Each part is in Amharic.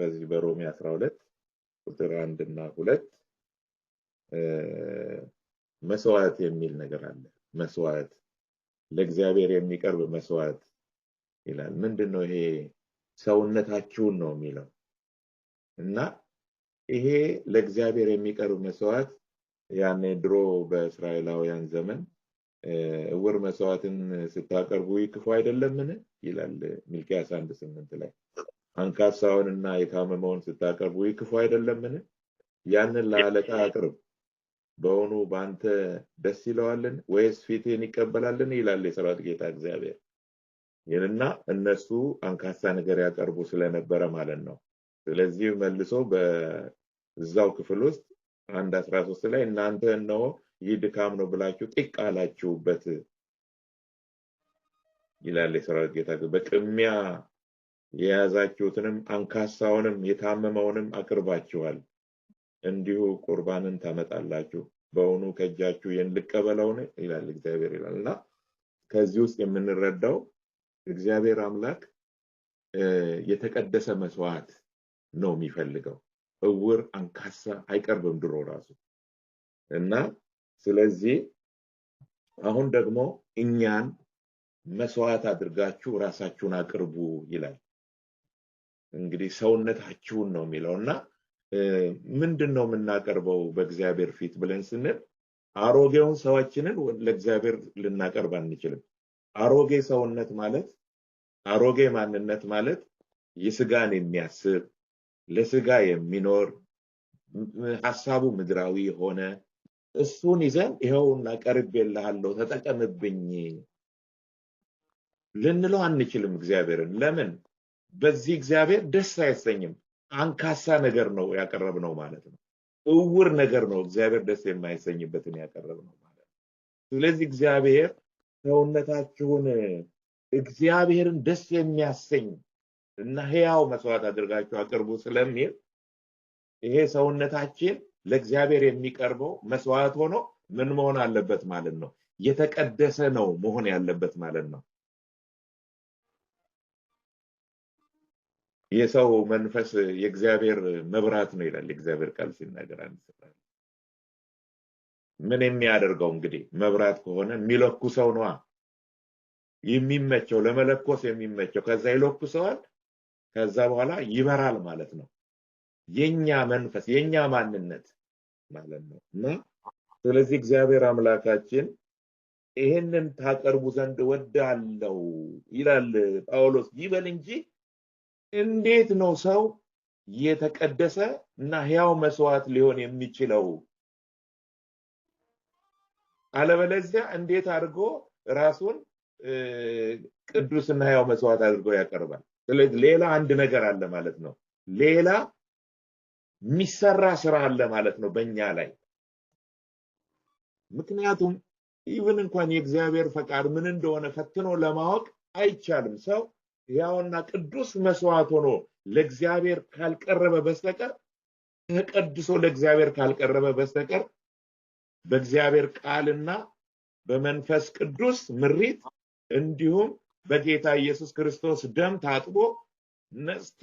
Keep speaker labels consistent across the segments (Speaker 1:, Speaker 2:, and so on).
Speaker 1: በዚህ በሮሜ 12 ቁጥር አንድ እና ሁለት መስዋዕት የሚል ነገር አለ። መስዋዕት ለእግዚአብሔር የሚቀርብ መስዋዕት ይላል። ምንድን ነው ይሄ? ሰውነታችሁን ነው የሚለው እና ይሄ ለእግዚአብሔር የሚቀርብ መስዋዕት ያኔ ድሮ በእስራኤላውያን ዘመን እውር መስዋዕትን ስታቀርቡ ይክፉ ክፉ አይደለምን? ይላል ሚልኪያስ አንድ ስምንት ላይ አንካሳውንና የታመመውን ስታቀርቡ ይህ ክፉ አይደለምን? ያንን ለአለቃ አቅርብ። በሆኑ በአንተ ደስ ይለዋልን? ወይስ ፊትህን ይቀበላልን? ይላል የሰራዊት ጌታ እግዚአብሔር። ይህንና እነሱ አንካሳ ነገር ያቀርቡ ስለነበረ ማለት ነው። ስለዚህ መልሶ በዛው ክፍል ውስጥ አንድ አስራ ሶስት ላይ እናንተ እነሆ ይህ ድካም ነው ብላችሁ ጢቅ አላችሁበት ይላል የሰራዊት ጌታ በቅሚያ የያዛችሁትንም አንካሳውንም የታመመውንም አቅርባችኋል፣ እንዲሁ ቁርባንን ታመጣላችሁ። በውኑ ከእጃችሁ ይህን ልቀበለውን? ይላል እግዚአብሔር ይላል እና ከዚህ ውስጥ የምንረዳው እግዚአብሔር አምላክ የተቀደሰ መስዋዕት ነው የሚፈልገው። እውር አንካሳ አይቀርብም ድሮ ራሱ እና ስለዚህ አሁን ደግሞ እኛን መስዋዕት አድርጋችሁ ራሳችሁን አቅርቡ ይላል። እንግዲህ ሰውነታችሁን ነው የሚለው እና ምንድን ነው የምናቀርበው በእግዚአብሔር ፊት ብለን ስንል አሮጌውን ሰዋችንን ለእግዚአብሔር ልናቀርብ አንችልም። አሮጌ ሰውነት ማለት አሮጌ ማንነት ማለት የስጋን የሚያስብ ለስጋ የሚኖር ሀሳቡ ምድራዊ የሆነ እሱን ይዘን ይኸውና ቀርቤልሃለሁ ተጠቀምብኝ ልንለው አንችልም እግዚአብሔርን ለምን በዚህ እግዚአብሔር ደስ አይሰኝም። አንካሳ ነገር ነው ያቀረብነው ማለት ነው። እውር ነገር ነው እግዚአብሔር ደስ የማይሰኝበትን ያቀረብነው ማለት ነው። ስለዚህ እግዚአብሔር ሰውነታችሁን እግዚአብሔርን ደስ የሚያሰኝ እና ህያው መስዋዕት አድርጋችሁ አቅርቡ ስለሚል ይሄ ሰውነታችን ለእግዚአብሔር የሚቀርበው መስዋዕት ሆኖ ምን መሆን አለበት ማለት ነው? የተቀደሰ ነው መሆን ያለበት ማለት ነው። የሰው መንፈስ የእግዚአብሔር መብራት ነው ይላል የእግዚአብሔር ቃል ሲናገር አንድ ምን የሚያደርገው እንግዲህ መብራት ከሆነ ሰው ነዋ የሚመቸው ለመለኮስ የሚመቸው ከዛ ይለኩ ሰዋል። ከዛ በኋላ ይበራል ማለት ነው የኛ መንፈስ የኛ ማንነት ማለት ነው እና ስለዚህ እግዚአብሔር አምላካችን ይህንን ታቀርቡ ዘንድ ወዳለው ይላል ጳውሎስ ይበል እንጂ እንዴት ነው ሰው የተቀደሰ እና ህያው መስዋዕት ሊሆን የሚችለው? አለበለዚያ እንዴት አድርጎ ራሱን ቅዱስና ህያው መስዋዕት አድርጎ ያቀርባል? ስለዚህ ሌላ አንድ ነገር አለ ማለት ነው። ሌላ የሚሰራ ስራ አለ ማለት ነው በእኛ ላይ። ምክንያቱም ኢቭን እንኳን የእግዚአብሔር ፈቃድ ምን እንደሆነ ፈትኖ ለማወቅ አይቻልም። ሰው ያውና ቅዱስ መስዋዕት ሆኖ ለእግዚአብሔር ካልቀረበ በስተቀር ተቀድሶ ለእግዚአብሔር ካልቀረበ በስተቀር በእግዚአብሔር ቃልና በመንፈስ ቅዱስ ምሪት እንዲሁም በጌታ ኢየሱስ ክርስቶስ ደም ታጥቦ ነጽቶ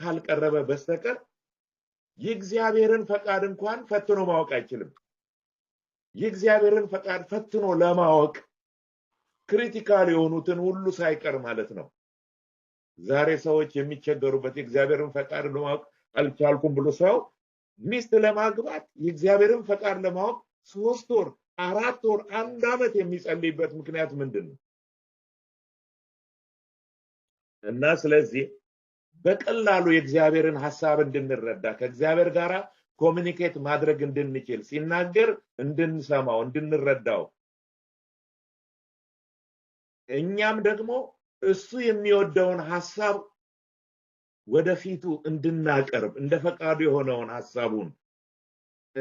Speaker 1: ካልቀረበ በስተቀር የእግዚአብሔርን ፈቃድ እንኳን ፈትኖ ማወቅ አይችልም። የእግዚአብሔርን ፈቃድ ፈትኖ ለማወቅ ክሪቲካል የሆኑትን ሁሉ ሳይቀር ማለት ነው። ዛሬ ሰዎች የሚቸገሩበት የእግዚአብሔርን ፈቃድ ለማወቅ አልቻልኩም ብሎ ሰው ሚስት ለማግባት የእግዚአብሔርን ፈቃድ ለማወቅ ሶስት ወር፣ አራት ወር፣ አንድ ዓመት የሚጸልይበት ምክንያት ምንድን ነው? እና ስለዚህ በቀላሉ የእግዚአብሔርን ሀሳብ እንድንረዳ ከእግዚአብሔር ጋር ኮሚኒኬት ማድረግ እንድንችል ሲናገር እንድንሰማው እንድንረዳው እኛም ደግሞ እሱ የሚወደውን ሐሳብ ወደፊቱ እንድናቀርብ እንደ ፈቃዱ የሆነውን ሐሳቡን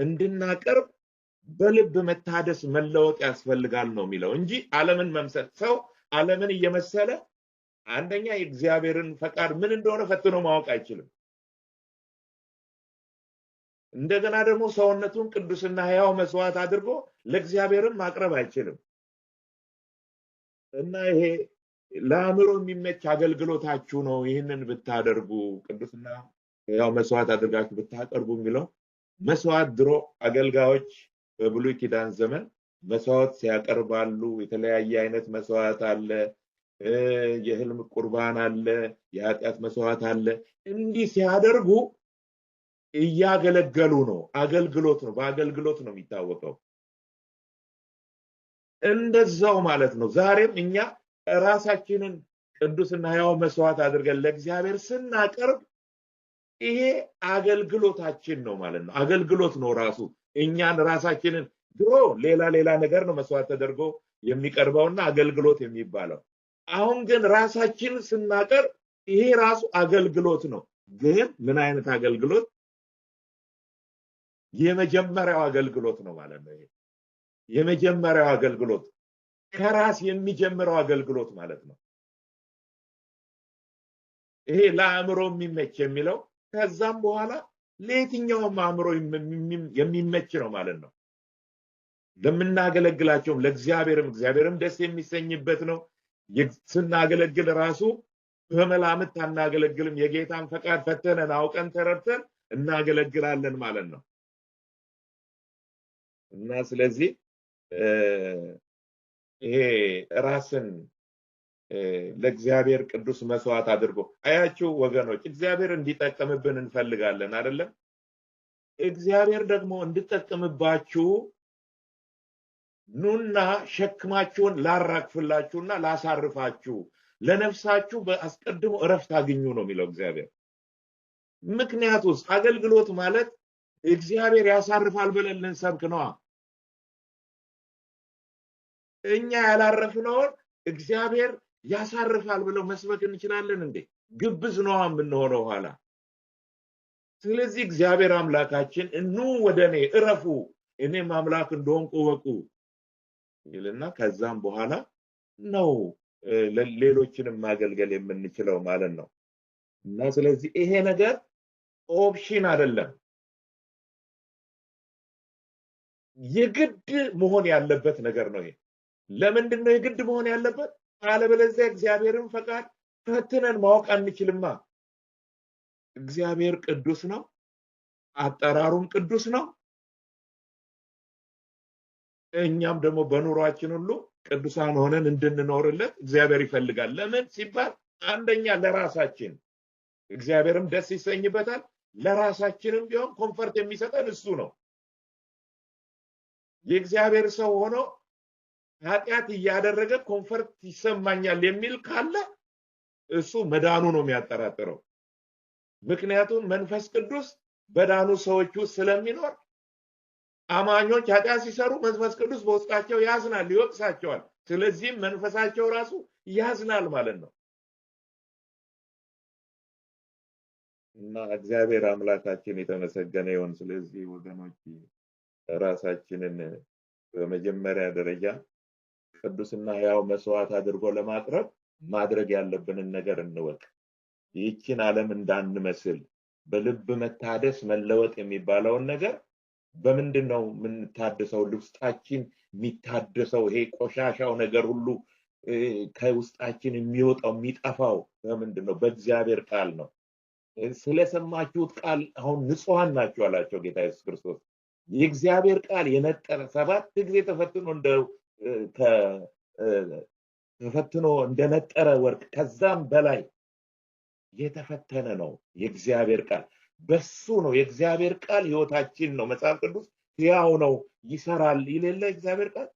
Speaker 1: እንድናቀርብ በልብ መታደስ መለወጥ ያስፈልጋል ነው የሚለው እንጂ ዓለምን መምሰል ሰው ዓለምን እየመሰለ አንደኛ የእግዚአብሔርን ፈቃድ ምን እንደሆነ ፈትኖ ማወቅ አይችልም። እንደገና ደግሞ ሰውነቱን ቅዱስና ሕያው መስዋዕት አድርጎ ለእግዚአብሔርም ማቅረብ አይችልም። እና ይሄ ለአእምሮ የሚመች አገልግሎታችሁ ነው። ይህንን ብታደርጉ ቅዱስና ያው መስዋዕት አድርጋችሁ ብታቀርቡ የሚለው መስዋዕት ድሮ አገልጋዮች በብሉይ ኪዳን ዘመን መስዋዕት ሲያቀርባሉ። የተለያየ አይነት መስዋዕት አለ። የህልም ቁርባን አለ፣ የኃጢአት መስዋዕት አለ። እንዲህ ሲያደርጉ እያገለገሉ ነው። አገልግሎት ነው። በአገልግሎት ነው የሚታወቀው። እንደዛው ማለት ነው። ዛሬም እኛ ራሳችንን ቅዱስና ያው መስዋዕት አድርገን ለእግዚአብሔር ስናቀርብ ይሄ አገልግሎታችን ነው ማለት ነው። አገልግሎት ነው ራሱ እኛን ራሳችንን ድሮ ሌላ ሌላ ነገር ነው መስዋዕት ተደርጎ የሚቀርበውና አገልግሎት የሚባለው አሁን ግን ራሳችን ስናቀርብ ይሄ ራሱ አገልግሎት ነው። ግን ምን አይነት አገልግሎት? የመጀመሪያው አገልግሎት ነው ማለት ነው። የመጀመሪያው አገልግሎት ከራስ የሚጀምረው አገልግሎት ማለት ነው። ይሄ ለአእምሮ የሚመች የሚለው ከዛም በኋላ ለየትኛውም አእምሮ የሚመች ነው ማለት ነው። ለምናገለግላቸውም ለእግዚአብሔርም እግዚአብሔርም ደስ የሚሰኝበት ነው። ስናገለግል ራሱ በመላምት አናገለግልም። የጌታን ፈቃድ ፈተነን አውቀን ተረድተን እናገለግላለን ማለት ነው እና ስለዚህ ይሄ ራስን ለእግዚአብሔር ቅዱስ መስዋዕት አድርጎ አያችሁ ወገኖች፣ እግዚአብሔር እንዲጠቀምብን እንፈልጋለን አይደለም? እግዚአብሔር ደግሞ እንድጠቀምባችሁ ኑና ሸክማችሁን ላራክፍላችሁና ላሳርፋችሁ ለነፍሳችሁ በአስቀድሞ እረፍት አግኙ ነው የሚለው እግዚአብሔር። ውስጥ አገልግሎት ማለት እግዚአብሔር ያሳርፋል ብለን ልንሰብክ ነዋ። እኛ ያላረፍነውን እግዚአብሔር ያሳርፋል ብለው መስበክ እንችላለን እንዴ? ግብዝ ነዋ የምንሆነው ኋላ። ስለዚህ እግዚአብሔር አምላካችን እኑ ወደ እኔ እረፉ፣ እኔም አምላክ እንደሆንኩ እወቁ ይልና ከዛም በኋላ ነው ሌሎችንም ማገልገል የምንችለው ማለት ነው። እና ስለዚህ ይሄ ነገር ኦፕሽን አይደለም፣ የግድ መሆን ያለበት ነገር ነው ይሄ ለምንድን ነው የግድ መሆን ያለበት? አለበለዚያ እግዚአብሔርን ፈቃድ ፈትነን ማወቅ አንችልማ። እግዚአብሔር ቅዱስ ነው፣ አጠራሩም ቅዱስ ነው። እኛም ደግሞ በኑሯችን ሁሉ ቅዱሳን ሆነን እንድንኖርለት እግዚአብሔር ይፈልጋል። ለምን ሲባል አንደኛ ለራሳችን እግዚአብሔርም ደስ ይሰኝበታል። ለራሳችንም ቢሆን ኮንፈርት የሚሰጠን እሱ ነው። የእግዚአብሔር ሰው ሆኖ ኃጢአት እያደረገ ኮንፈርት ይሰማኛል የሚል ካለ እሱ መዳኑ ነው የሚያጠራጥረው። ምክንያቱም መንፈስ ቅዱስ በዳኑ ሰዎች ውስጥ ስለሚኖር አማኞች ኃጢአት ሲሰሩ መንፈስ ቅዱስ በውስጣቸው ያዝናል፣ ይወቅሳቸዋል። ስለዚህም መንፈሳቸው ራሱ ያዝናል ማለት ነው እና እግዚአብሔር አምላካችን የተመሰገነ ይሆን ስለዚህ ወገኖች ራሳችንን በመጀመሪያ ደረጃ ቅዱስና ያው መስዋዕት አድርጎ ለማቅረብ ማድረግ ያለብንን ነገር እንወቅ። ይህችን ዓለም እንዳንመስል በልብ መታደስ መለወጥ የሚባለውን ነገር በምንድን ነው የምንታደሰው? ልውስጣችን የሚታደሰው ይሄ ቆሻሻው ነገር ሁሉ ከውስጣችን የሚወጣው የሚጠፋው በምንድን ነው? በእግዚአብሔር ቃል ነው። ስለሰማችሁት ቃል አሁን ንጹሐን ናችሁ አላቸው ጌታ ኢየሱስ ክርስቶስ። የእግዚአብሔር ቃል የነጠረ ሰባት ጊዜ ተፈትኖ ተፈትኖ እንደነጠረ ወርቅ ከዛም በላይ የተፈተነ ነው የእግዚአብሔር ቃል። በሱ ነው የእግዚአብሔር ቃል ህይወታችን ነው። መጽሐፍ ቅዱስ ያው ነው ይሰራል ይሌለ እግዚአብሔር ቃል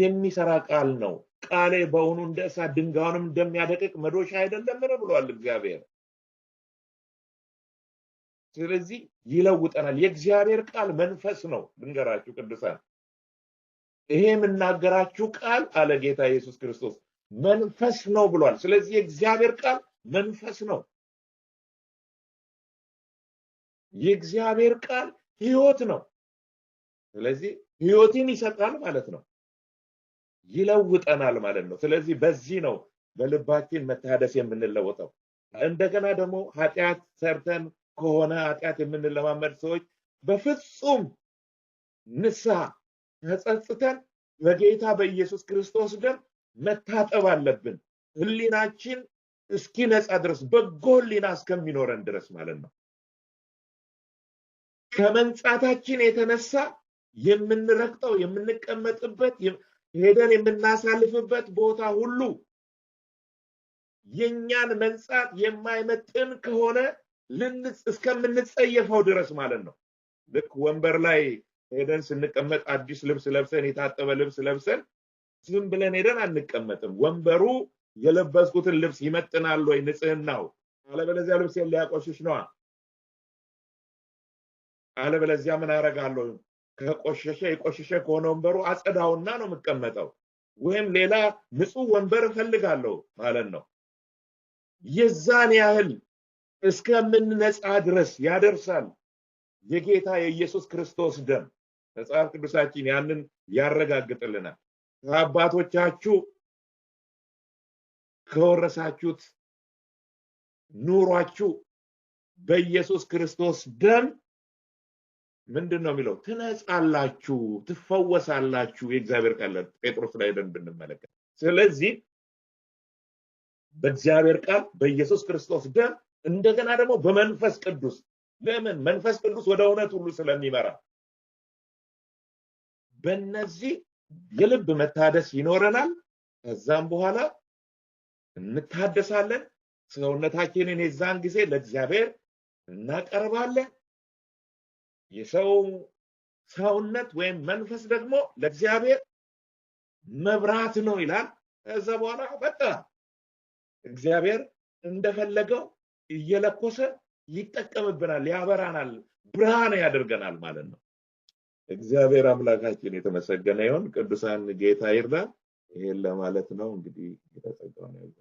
Speaker 1: የሚሰራ ቃል ነው። ቃሌ በእውኑ እንደ እሳት ድንጋውንም እንደሚያደቅቅ መዶሻ አይደለምን ብሏል እግዚአብሔር። ስለዚህ ይለውጠናል። የእግዚአብሔር ቃል መንፈስ ነው። ድንገራችሁ ቅዱሳን ይሄ የምናገራችሁ ቃል አለ ጌታ ኢየሱስ ክርስቶስ መንፈስ ነው ብሏል። ስለዚህ የእግዚአብሔር ቃል መንፈስ ነው። የእግዚአብሔር ቃል ህይወት ነው። ስለዚህ ህይወትን ይሰጣል ማለት ነው፣ ይለውጠናል ማለት ነው። ስለዚህ በዚህ ነው በልባችን መታደስ የምንለወጠው። እንደገና ደግሞ ኃጢአት ሰርተን ከሆነ ኃጢአት የምንለማመድ ሰዎች በፍጹም ንስሐ ተጸጽተን በጌታ በኢየሱስ ክርስቶስ ደም መታጠብ አለብን። ህሊናችን እስኪነጻ ድረስ በጎ ህሊና እስከሚኖረን ድረስ ማለት ነው። ከመንጻታችን የተነሳ የምንረግጠው የምንቀመጥበት ሄደን የምናሳልፍበት ቦታ ሁሉ የኛን መንጻት የማይመጥን ከሆነ እስከምንጸየፈው ድረስ ማለት ነው። ልክ ወንበር ላይ ሄደን ስንቀመጥ አዲስ ልብስ ለብሰን የታጠበ ልብስ ለብሰን ዝም ብለን ሄደን አንቀመጥም። ወንበሩ የለበስኩትን ልብስ ይመጥናል ወይ ንጽህናው፣ አለበለዚያ ልብስ ሊያቆሽሽ ነዋ። አለበለዚያ ምን አረጋለሁ ከቆሸሸ የቆሸሸ ከሆነ ወንበሩ አጸዳውና ነው የምቀመጠው፣ ወይም ሌላ ንጹህ ወንበር እፈልጋለሁ ማለት ነው። የዛን ያህል እስከምንነፃ ድረስ ያደርሳል የጌታ የኢየሱስ ክርስቶስ ደም። መጽሐፍ ቅዱሳችን ያንን ያረጋግጥልናል። ከአባቶቻችሁ ከወረሳችሁት ኑሯችሁ በኢየሱስ ክርስቶስ ደም ምንድን ነው የሚለው? ትነጻላችሁ፣ ትፈወሳላችሁ። የእግዚአብሔር ቃል ጴጥሮስ ላይ ደን ብንመለከት፣ ስለዚህ በእግዚአብሔር ቃል በኢየሱስ ክርስቶስ ደም እንደገና ደግሞ በመንፈስ ቅዱስ ለምን መንፈስ ቅዱስ ወደ እውነት ሁሉ ስለሚመራ በነዚህ የልብ መታደስ ይኖረናል። ከዛም በኋላ እንታደሳለን። ሰውነታችንን የዛን ጊዜ ለእግዚአብሔር እናቀርባለን። የሰው ሰውነት ወይም መንፈስ ደግሞ ለእግዚአብሔር መብራት ነው ይላል። ከዛ በኋላ በቃ እግዚአብሔር እንደፈለገው እየለኮሰ ይጠቀምብናል፣ ያበራናል፣ ብርሃን ያደርገናል ማለት ነው። እግዚአብሔር አምላካችን የተመሰገነ ይሆን ቅዱሳን ጌታ ይርዳ። ይሄን ለማለት ነው እንግዲህ የተጸጋውን